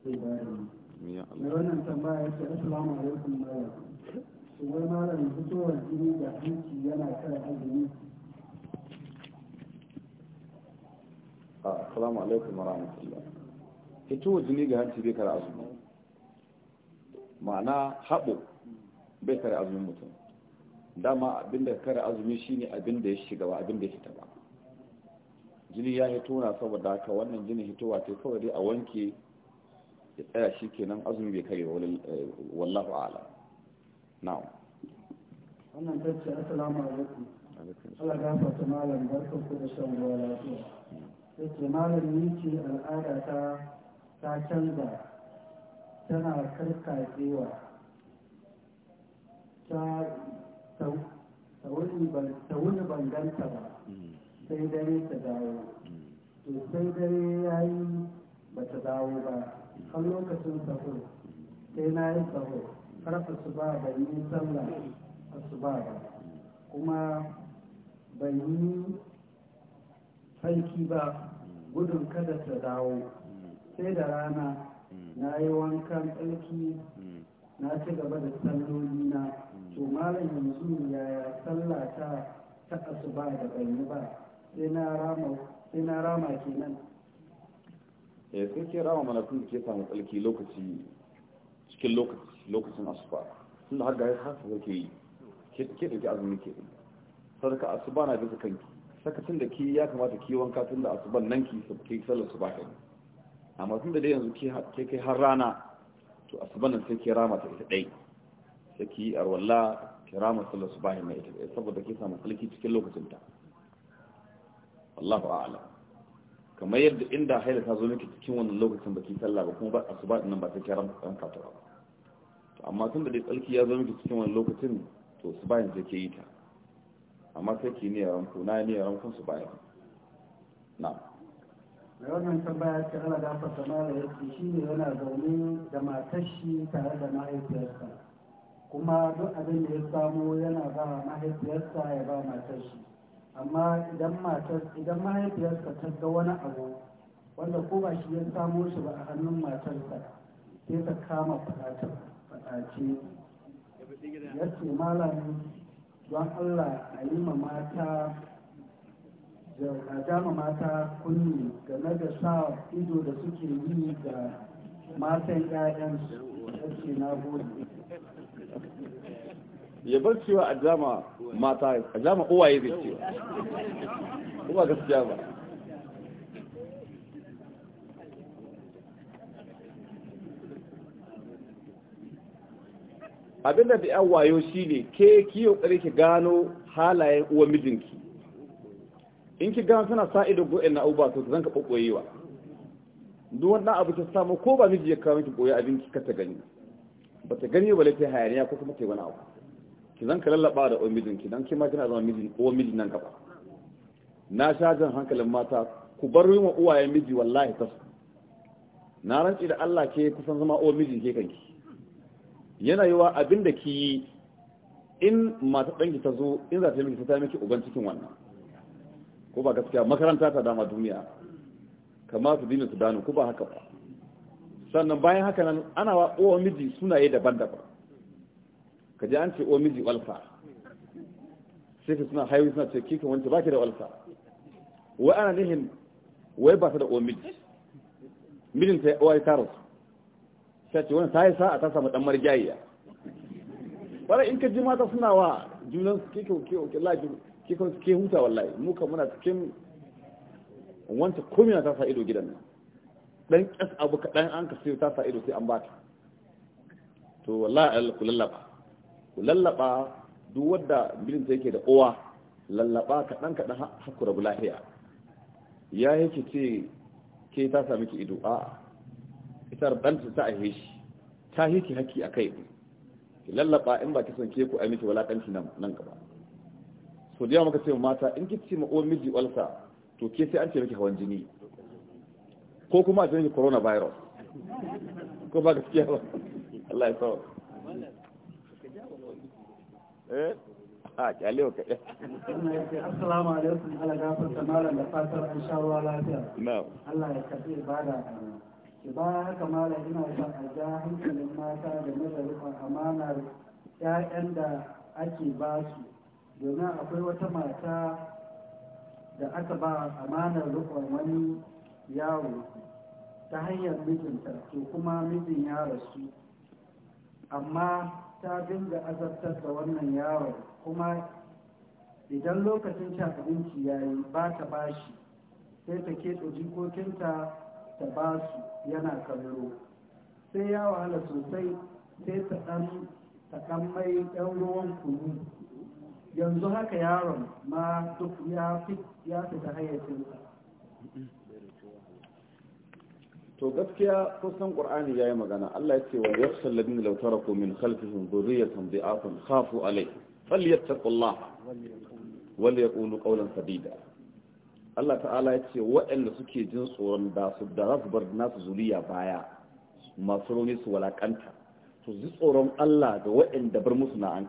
mai wannan tambaya ce assalamu alaikum fitowar jini da hanci yana kare azumi ah, assalamu alaikum wa rahmatullah jini ga hanci bai kare azumi ma'ana bai kare azumin mutum dama abinda kare azumi shine abinda ya shiga ba abinda ya fita ba jini ya hito na saboda haka wannan jini hitowa ce kawai dai a wanke ya tsaya shi kenan azumi bai kare wallahu a'lam na'am wannan tacce asalamu alaikum Allah gafa fata malam barkan ku da shan ruwa lafiya ce malam ni ce al'ada ta ta canza tana karkacewa ta ta wuni banganta ba sai dare ta dawo mm. to sai dare ya yi ba ta dawo ba har lokacin sahur sai na yi sahur har su ba da yi sallah su ba ba kuma ban yi sarki ba gudun kada ta dawo sai da rana na yi wankan tsarki na ci gaba da salloli na to malam yanzu yaya sallah ta ta asuba da ban yi ba sai na rama kenan ya eh, sai ke rama mana kun ke samu tsalki lokaci cikin lokaci lokacin asuba sun da haka haka ke yi ke ɗauki azumi ke ɗin sadaka asuba na bisa kanki sakacin da ki ya kamata ki wanka tun da asuban nan ki ke sallar su ba ka yi amma tun da dai yanzu ke kai har rana to asuban nan sai ke rama ta ita ɗai sai ki yi arwalla ki rama sallar su ba mai ita ɗai saboda ke samu tsalki cikin lokacinta Allahu a'alam kamar yadda inda haila ta zo miki cikin wannan lokacin baki sallah ba kuma ba asuba ba nan ba ta kiran ran ka ta to amma tun da dai tsalki ya zo miki cikin wannan lokacin to su bayan take yi ta amma sai ki ne yaran ku na ne yaran ku su bayan na'am da wannan tambaya ta ala da fata mala ya yake shi ne yana zaune da matar shi tare da mahaifiyarsa kuma duk abin da ya samu yana ba mahaifiyarsa ya ba matar shi amma idan matar idan mahaifiyarsa ta ga wani abu wanda ko ba shi ya samo shi ba a hannun matarsa sai ta kama fadatar fatace ya ce malami don allah a yi ma mata a dama mata kunni game da sa ido da suke yi ga matan 'ya'yansu ya ce na ya bar cewa a jama mata a jama uwaye zai cewa kuma gaskiya ba abinda da yan wayo shi ne ke kiyo ƙari ki gano halayen uwa mijinki in ki gano suna sa ido go'in na uba to zan ka ɓoɓɓoyewa duk wannan abu ta samu ko ba miji ya kawo miki ɓoye abin ki ka ta gani ba ta gani ba laifin hayaniya ko kuma ta yi wani abu ki zan ka lallaba da uwar mijinki dan kima kina zama mijin uwar mijin nan gaba na sha jan hankalin mata ku bar yi wa uwaye miji wallahi tas na rantsi da Allah ke kusan zama uwar mijin ke kanki yana yiwa abin da ki yi in mata danki ta zo in za ta miki ta miki uban cikin wannan ko ba gaskiya makaranta ta dama duniya Kamar su dinin su dano ko ba haka ba sannan bayan haka nan ana wa uwar miji sunaye daban-daban ka ji an ce o miji walfa sai ka suna haihu suna ce kika wanda ba ki da walfa wai ana nihin wai ba ta da o miji mijin ta uwa ya tara su sai ce wani ta yi sa'a ta samu dan marjayiya bara in ka ji mata suna wa junan su kika wuke laji kika ke huta wallahi mu kan muna cikin wanta komai na ta sa ido gidan nan dan kas abu kaɗan an ka sai ta sa ido sai an ba ta, to wallahi Allah kullalla ku lallaba duk wadda birin ta yake da kowa lallaba kaɗan kaɗan haku rabu lahiya ya yake ce ke ta sami ki ido a ita dan ta a shi ta hiki haki a kai ki lallaba in ba ki son ke ku a miki walakanci nan gaba so da yawa muka ce mata in ki ce ma'uwar miji walsa to ke sai an ce miki hawan jini ko kuma a ce miki coronavirus ko ba gaskiya ba Allah ya tsawo eh a ah, kyale wa kaɗe assalamu alaikum ala gafarta malam da fatar an sha ruwa lafiya Allah ya kafe ibada ki ba haka malam ina son a ja hankalin mata da nazarin amanar ƴaƴan da ake ba su domin akwai wata mata da aka ba amanar rukun wani yaro ta hanyar mijinta to kuma mijin ya rasu amma ta dinga azabtar da wannan yawon kuma idan lokacin cin abinci ya yi ba ta bashi sai ta keɗe jikokinta ta ba su yana kallo sai ya wahala sosai sai ta ɗan mai ɗan ruwan kunu yanzu haka yaron ma duk ya fi da hayyacinsa to gaskiya kusan qur'ani yayi magana Allah ya ce wa yafsal ladin law taraku min khalfihim dhurriyatan bi'atan khafu alayhi falyattaqullaha wal qawlan sadida Allah ta'ala ya ce waɗanda suke jin tsoron da su da za su bar nasu zuriya baya masu rauni su walakanta to ji tsoron Allah ga waɗanda bar musu na an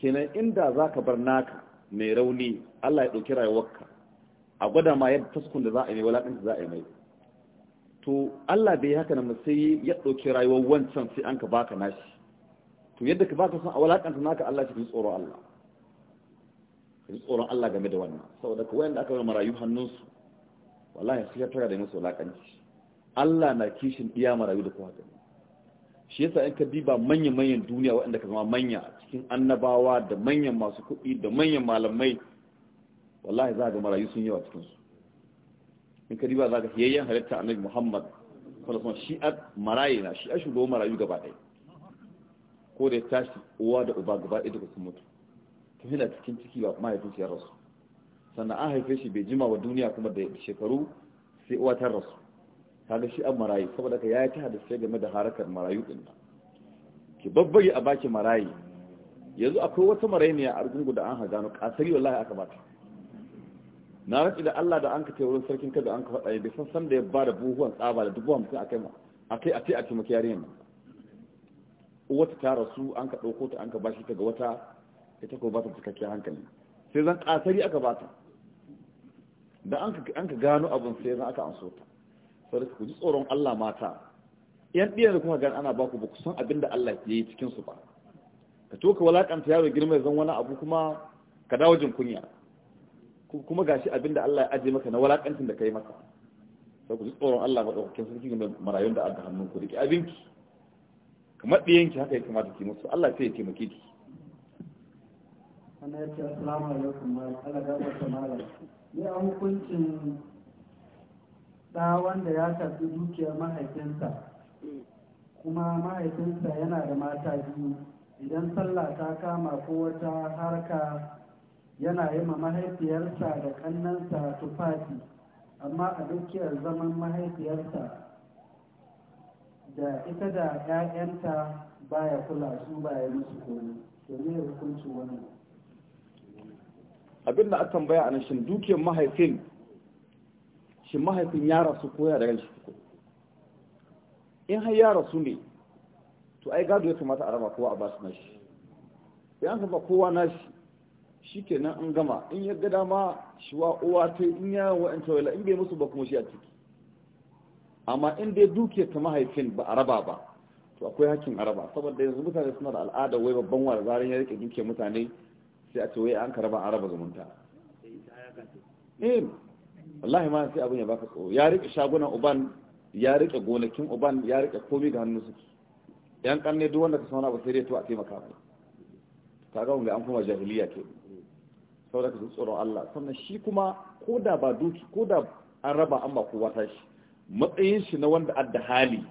kenan inda za ka bar naka mai rauni Allah ya ɗauki rayuwarka a gwada ma yadda taskun da za a yi mai walakanta za a yi mai to Allah bai haka na sai ya ɗauki rayuwar wancan sai an ka baka nashi to yadda ka baka san a walakanta naka Allah shi tsoron Allah shi tsoron Allah game da wannan saboda ka wayanda aka bar marayu hannunsu wallahi sai ya tara da musu lakanci Allah na kishin iya marayu da ku haka. shi yasa in ka diba manyan-manyan duniya waɗanda ka zama manya cikin annabawa da manyan masu kuɗi da manyan malamai wallahi za ga marayu sun yawa cikinsu in ka riba za ka yin halitta annabi muhammad sallallahu alaihi wasallam shi'a maraye na shi'a shugaban marayu gaba ɗaya ko da ya tashi uwa da uba gaba ɗaya duka sun mutu tun yana cikin ciki ba mahaifin ya rasu sannan an haife shi bai jima wa duniya kuma da shekaru sai uwa ta rasu kaga ga Shi'ar marayu saboda ka yayi ta sai game da harakar marayu din nan ki babbage a baki marayi yanzu akwai wata ne a argungu da an hagano kasari wallahi aka bata na rantsi da Allah da an ka wurin sarkin kada an ka faɗa ya bisan san da ya ba da buhuwan tsaba da dubu hamsin a kai a ce a taimaki yarinyar ma wata ta rasu an ka ɗauko ta an ka bashi ta ga wata ita ko ba ta cikakken hankali sai zan ƙasari aka ba ta da an ka gano abin sai zan aka anso ta sai ku ji tsoron Allah mata yan ɗiyar da kuma gani ana ba ku ba ku san abin da Allah ya yi cikinsu ba ka to ka walakanta yaro girma zan wani abu kuma ka dawo jin kunya kuma gashi abinda Allah ya aje maka na walakancin da kai maka sai ku ji tsoron Allah ba daukakin sarki game marayun da aka hannun ku riki abinki kamar diyanki haka ya kamata ki musu Allah sai ya taimake ki wannan yace assalamu alaikum ma Allah ga barka malam a hukuncin da wanda ya tafi dukiyar mahaifinsa kuma mahaifinsa yana da mata biyu idan sallah ta kama ko wata harka yana yi ma mahaifiyarsa da kannansa tufafi amma a dukiyar zaman mahaifiyarsa da ita da 'ya'yanta baya kula su baya musu komi domin ya hukunci wannan abin da aka tambaya a shin dukiyar mahaifin shi mahaifin ya rasu ko ya daga shi in har ya rasu ne to ai gado ya kamata a raba kowa a ba su nashi sai an kafa kowa nashi shi kenan an gama in ya gada ma shi wa uwa ta in ya wa'in tawila in bai musu ba kuma shi a ciki amma in dai duke ta mahaifin ba a raba ba to akwai hakkin a raba saboda yanzu mutane suna da al'ada wai babban wa zaran ya rike duke mutane sai a ce wai an karaba an raba zumunta eh wallahi ma sai abun ya baka tsoro ya rike shagunan uban ya rike gonakin uban ya rike komai ga hannun suke yan kanne duk wanda ka sauna ba sai dai to a taimaka ka ga wanda an kuma jahiliya ke saboda ka tsoron Allah sannan shi kuma ko da ba duki ko da an raba an ba kowa tashi matsayin shi na wanda adda hali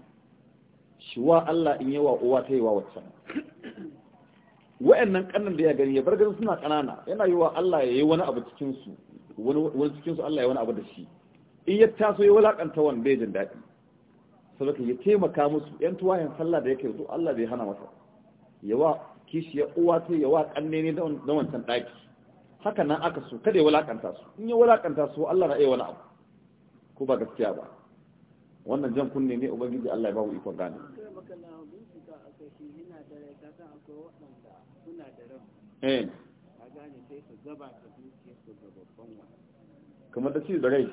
shi wa Allah in yawa uwa ta yi wa waccan wa'annan kannan da ya gani ya bar gani suna kanana yana yi wa Allah ya yi wani abu cikin su wani cikin su Allah ya wani abu da shi in ya taso ya walakanta wani bai jin daɗi saboda ya taimaka musu yan tuwayen sallah da yake zo Allah bai hana masa yawa kishi ya uwa ta yawa kanne ne da wancan ɗaki haka nan aka so kada ya wulakanta su in ya wulakanta su Allah na iya wani abu ko ba gaskiya ba wannan jan kunne ne ubangiji Allah ya ba mu ikon gane kuma eh. kamar da shi da rai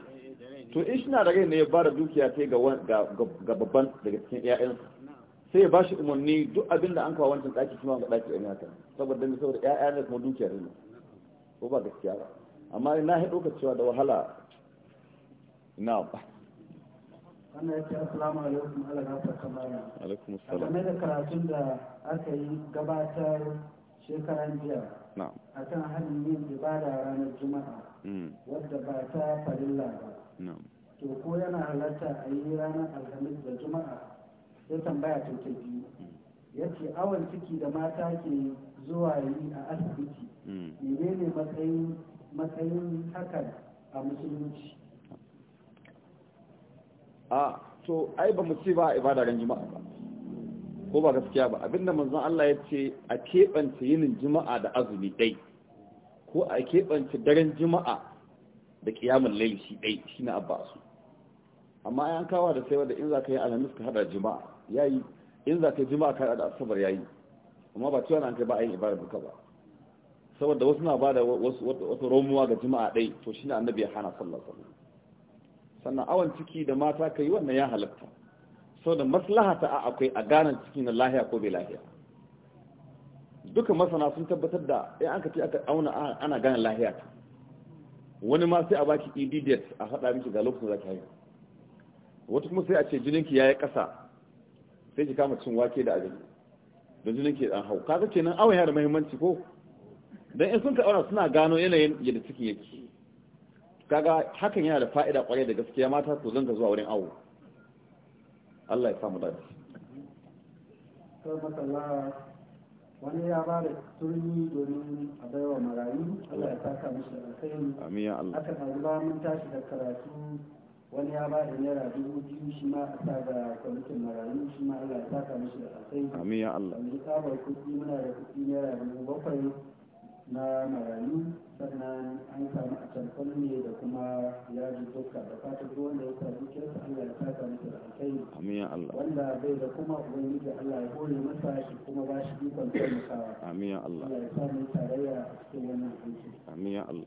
to in shi na da rai ne ya ba da dukiya ta ga babban daga cikin iyayensa sai ya ba shi umarni duk abinda an kawo wancan ɗaki kuma ma ga ɗaki ɗan yata saboda ne saboda iyayen ne kuma dukiya ne ko ba gaskiya ba amma ina haɗo ka cewa da wahala ina ba wannan ce assalamu alaikum ala gafa kamar alaikum assalam kamar da karatun da aka yi gabatar shekaran jiya a kan hannun yin ibada ranar juma'a mm. wadda ba ta farilla ba to ko yana halatta a yi ranar alhamis da juma'a sai tambaya ta biyu mm. ya ce awon ciki da mata ke zuwa yi a asibiti hmm. menene matsayin matsayin hakan a musulunci a to ai ba mu ce ba ibada ran jima'a ba ko ba gaskiya ba abinda manzon Allah ya ce a keɓance yinin jima'a da azumi dai ko a keɓance daren jima'a da kiyamun laili shi dai shine su amma an kawo da sai wanda in zaka yi alamis ka hada jima'a yayi in za ka juma'a ka da asabar yayi amma ba cewa an kai ba a yin ibada duka ba saboda wasu na bada wasu romuwa ga juma'a dai to shine annabi ya hana sallallahu alaihi sannan awon ciki da mata kai wannan ya halatta saboda maslaha ta akwai a ganan ciki na lahiya ko bai lahiya duka masana sun tabbatar da in an ka ci aka auna ana ganin lahiya ta wani ma sai a baki idiot a hada miki ga lokacin ka haihu wata kuma sai a ce jininki yayi ƙasa sai ji kama cin wake da abin don jinin ke dan hau kaga kenan awai yana da muhimmanci ko dan in sun karɓa suna gano yanayin yadda ciki yake kaga hakan yana da fa'ida kwarai da gaskiya mata ku zanga zuwa wurin awo Allah ya samu dace masalla wani ya ba da turmi domin a baiwa marayu Allah ya saka mishi alkhairi amin ya Allah aka ba mun tashi da karatu wani ya ba da naira dubu biyu shi ma a sa ga kwamitin marayu shi ma Allah ya saka mishi da alkai amin ya Allah mu tsabar kuɗi muna da kuɗi naira dubu bakwai na marayu sannan an samu a can ne da kuma ya ji duka da fatan duk wanda ya samu kirsa Allah ya saka mishi da alkai amin ya Allah wanda bai da kuma ubangiji Allah ya hore masa shi kuma ba shi ikon taimakawa amin ya Allah Allah ya sa mu tarayya a cikin wannan aiki amin ya Allah